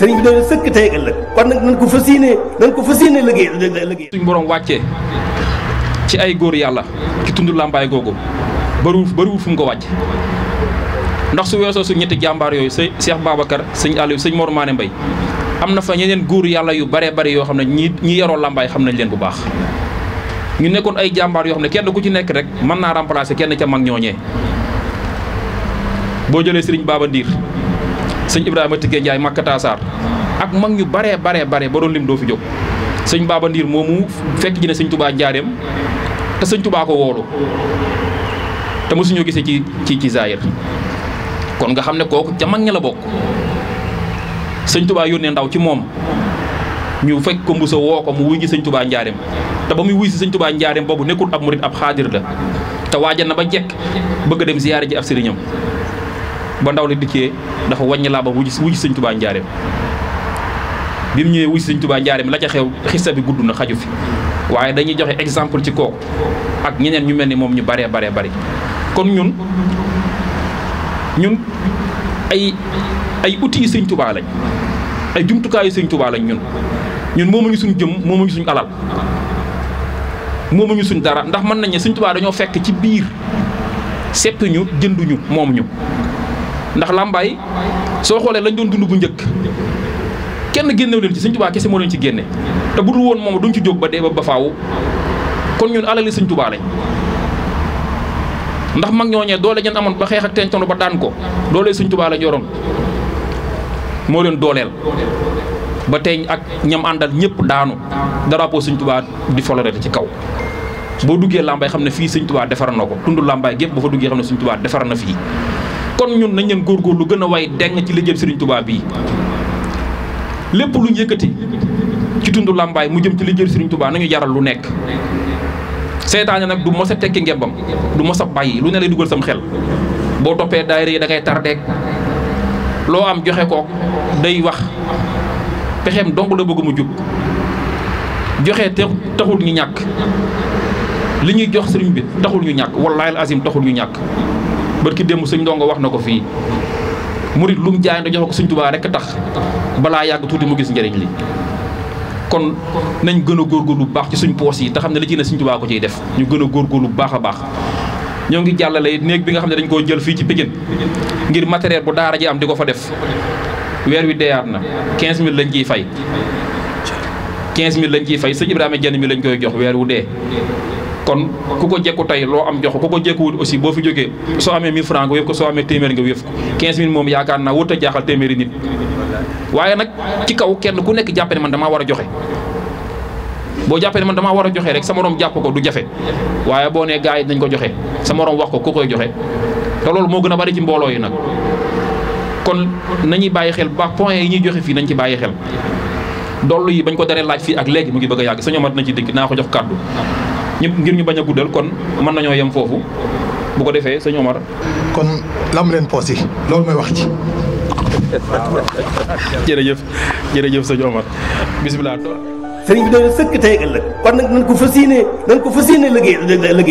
sëriñ bi dana sëkk tey ëllëg kon nag nañ ko fas yéene nañ ko fas yéene liggéey liggéey suñ borom wàccee ci ay góor yàlla ci tund làmbaay googu bariwul bariwul fu ko wàcc ndax su weesoo su ñetti jàmbaar yooyu seex Cheikh Babacar sëñ Aliou sëñ Mor Mané Mbaye am na fa ñeneen góor yàlla yu baree bari yoo xam ne ñi ñi yaroo làmbaay xam nañ leen bu baax ñu nekkoon ay jàmbaar yoo xam ne kenn ku ci nekk rek mën naa remplacer kenn ca mag ñooñee boo jëlee sëriñ baaba Ndiir sëñ Ibrahima Tické Ndiaye Makka Tasaar ak mag ñu baree baree bare ba doon doo fi jóg sëñ Baba moomu fekk ji ne sëñ tubaa njaareem te sëñ Touba ko woolu te mosuñoo gisee ci ci ci Zahir kon nga xam ne kooku ca mag ña la bokk sëñ Touba yónnee ndaw ci moom ñu fekk ko woo ko mu wuy ji sëñ tubaa njaareem te ba muy wuy si sëñ tubaa njaareem boobu nekkul ab murit ab xaadir la te waajal na ba jekk bëgg a dem ziyaare ji ab sëriñam ba ndaw li dikkee dafa wàññi laabam wuj wuj sëñ tubaa njaareem bi mu ñëwee wuj sëñ tubaa njaareem la ca xew xista bi gudd na xaju fi waaye dañuy joxe exemple ci kooku ak ñeneen ñu mel ni moom ñu baree baree bari kon ñun ñun ay ay outils yi tubaa lañ ay jumtukaayu sëñ tubaa lañ ñun ñun moomuñu suñ jëm moomuñu suñ alal moomuñu suñ dara ndax mën nañ ne tubaa dañoo fekk ci biir seppi ñu jënduñu moom ndax làmbaay soo xoolee lañ doon dund bu njëkk kenn génnew leen ci sëñ tubaa kese moo leen ci génne te bu woon moom duñ ci jóg ba dee ba faaw kon ñun alali sëñ tubaa lañ ndax mag ñooñee doole ñeen amoon ba xeex ak tentoon ba daan ko doole sëñ tubaa lañ yoroon moo leen dooleel ba tey ak ñam àndal ñëpp daanu drapeau sëñ tubaa di folorete ci kaw boo duggee làmbaay xam ne fii sëñ tubaa defar na ko tund làmbaay gépp ba fa duggee xam defar na fii kon ñun nañ leen góorgóorlu gën a way deng ci liggéey Serigne Touba bii lépp lu yëkkati ci tundu làmbaay mu jëm ci liggéey Serigne Touba nañu jaral lu nekk seytaane nag du mos a tekki ngembam du mos a bàyyi lu ne lay dugal sam xel boo toppee daayira yi da ngay tardeek loo am joxe kook day wax pexem dong la bëgg mu jub joxe te taxul ñu ñàkk li ñuy jox sëriñ bi taxul ñu ñàkk wallaayal azim taxul ñu ñàkk barki démb sëñ ndongo wax na ko fii murit lu mu jaay nda joxe ko sëñ Tuubaa rekk tax balaa yàgg tuuti mu gis njëriñ li kon nañ gën a góorgóorlu bu baax ci suñ poos yi te xam ne li ci ne sëñ Tuubaa ko ciy def ñu gën a góorgóorlu bu baax a baax ñoo ngi jàllale néeg bi nga xam ne dañ koo jël fii ci Pikine ngir matériel bu daara ji am di ko fa def weer wi deyaat na 15000 lañ ciy fay 15000 lañ ciy fay sëñ Ibrahima jenn mi lañ koy jox weer wu dee kon ku ko jekku tey loo am jox ku ko jekkuwut aussi boo fi jógee soo amee 1000 francs nga wéef ko soo amee téeméer nga wéef ko 15000 moom yaakaar naa wut a jaaxal téeméeri nit waaye nag ci kaw kenn ku nekk jàpp ne man damaa war a joxe boo jàppee ne man damaa war a joxe rek sa morom jàpp ko du jafe waaye boo nee gars yi dañ ko joxe sa morom wax ko ku koy joxe te loolu moo gën a bari ci mbooloo yi nag kon nañuy bàyyi xel bu baax point yi ñuy joxe fii nañ ci bàyyi xel dollu yi bañ ko daree laaj fii ak léegi mu ngi bëgg a yàgg sañoo mat na ci dëkk naa ko jox kàddu ñu ngir ñu bañ a guddal kon mën nañoo yem foofu bu ko defee sëñ Omar. kon lam leen poos yi loolu mooy wax ci. jërëjëf jërëjëf sëñ Omar bisimilah. sëriñ bi de sëkk tey ëllëg kon nag nañ ko fas yéene nañ ko fas yéene liggéey